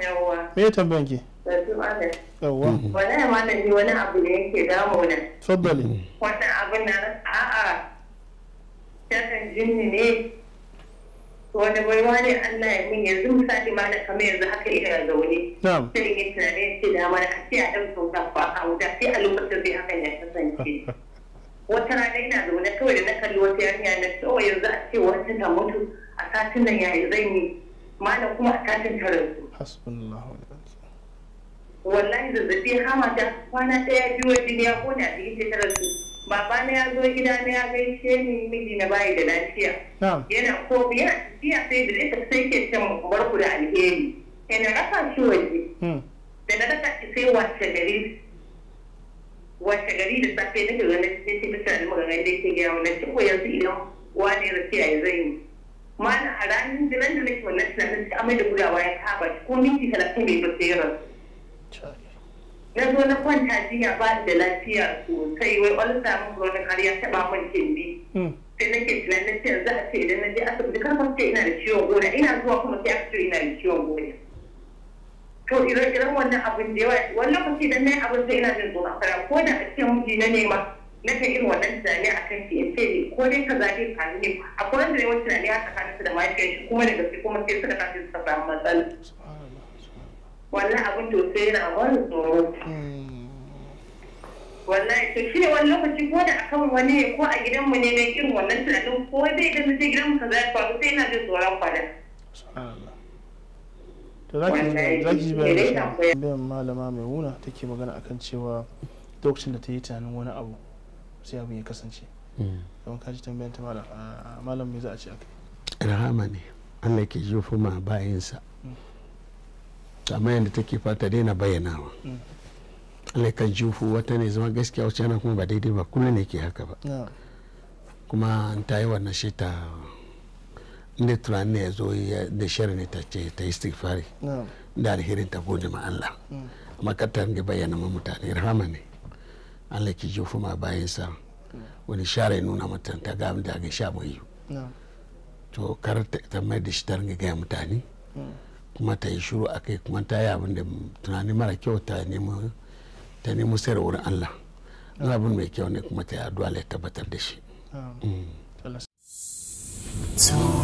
yawwa me tambayan ki yawwa mm-hmm. wani malam ni wani abu da yake damuna faddali mm-hmm. wannan abin na a'a shakan jinni ne wani baiwa wani Allah ya min yanzu misali ma na kamar yanzu haka ina zaune sai in yi tunanin ce da mana a ce a ɗan sauka ko a wuta sai a lokacin sai haka ne kasance wata rana ina zaune kawai da na kalli wata yarinya na ce yanzu a ce wata ta mutu a satin nan yaya zan yi malam kuma a tashin karansu hasbunallahu wa ni'mal wallahi zazzabi ya kama ta kwana ɗaya biyu jini ya kone a cikin shekararsu baba na ya zo gida na ya gaishe ni miji na bayi da lafiya yana ko biya biya sai da zai sai ke can ku da alheri yana raka shi waje hmm. da na raka shi sai wace gari wace gari da safe nake zo na cikin cikin cikin magana da yake gaya wannan? ciko yanzu idan wani rafiya ya zai yi mana a ranar da nan da nake wannan tunanin sai amai da gudawa ya kaba ko minti talatin bai ba sai na zo na kwanta jiya ba da lafiya sosai wai olsa mun gurin har ya taba mun kindi hmm. sai nake tunanin sai yanzu a ce idan na je asibiti kar ban ina da ciwon gona ina zuwa kuma sai aka ce ina da ciwon gona to ire-iren wannan abin da yawa wani lokaci idan na yi abin sai ina jin tsoron ko da a cikin miji na nema na ta irin wannan tunani a kan shi in ce ko dai ka zaɓe faru ne a ko wanda yawan tunani a tsakanin su da mahaifiyar shi kuma daga gaske kuma sai suka tafi suka samu matsala wannan abin to sai yana wani tsoro Wannan ita shi ne wani lokaci ko da akan wani ko a gidanmu ne na irin wannan tunanin ko zai gani sai gidanmu ka zaɓi faru sai yana jin tsoron kwanan. to za ki ji bayan malama mai wuna take magana akan cewa lokacin da ta yi tunanin wani abu sai abin ya kasance don hmm. kaji tambayan ta malam ah, malam me za a ce akai rahama ne Allah ke jufu ma bayansa hmm. amma yadda take fata daina bayyanawa hmm. Allah kan jufu wata ne zama gaskiya wacce yana kuma ba daidai ba kullum ne ke haka ba kuma an ta yi wannan shi ta inda tunanin ya zo da shari ne ta ce ta yi istighfari da alherin ta gode ma Allah amma ka ta bayyana ma mutane rahama ne allah ki jofu ma bayan sa wani share nuna mata ta ga mu daga sha mai to kar ta mai da shi ta ringa gaya mutane kuma ta yi shiru a kai kuma ta yi abin da tunani mara kyau ta nemo ta nemo sayar wurin allah na abin mai kyau ne kuma ta yi addu'a ya tabbatar da shi. Mm.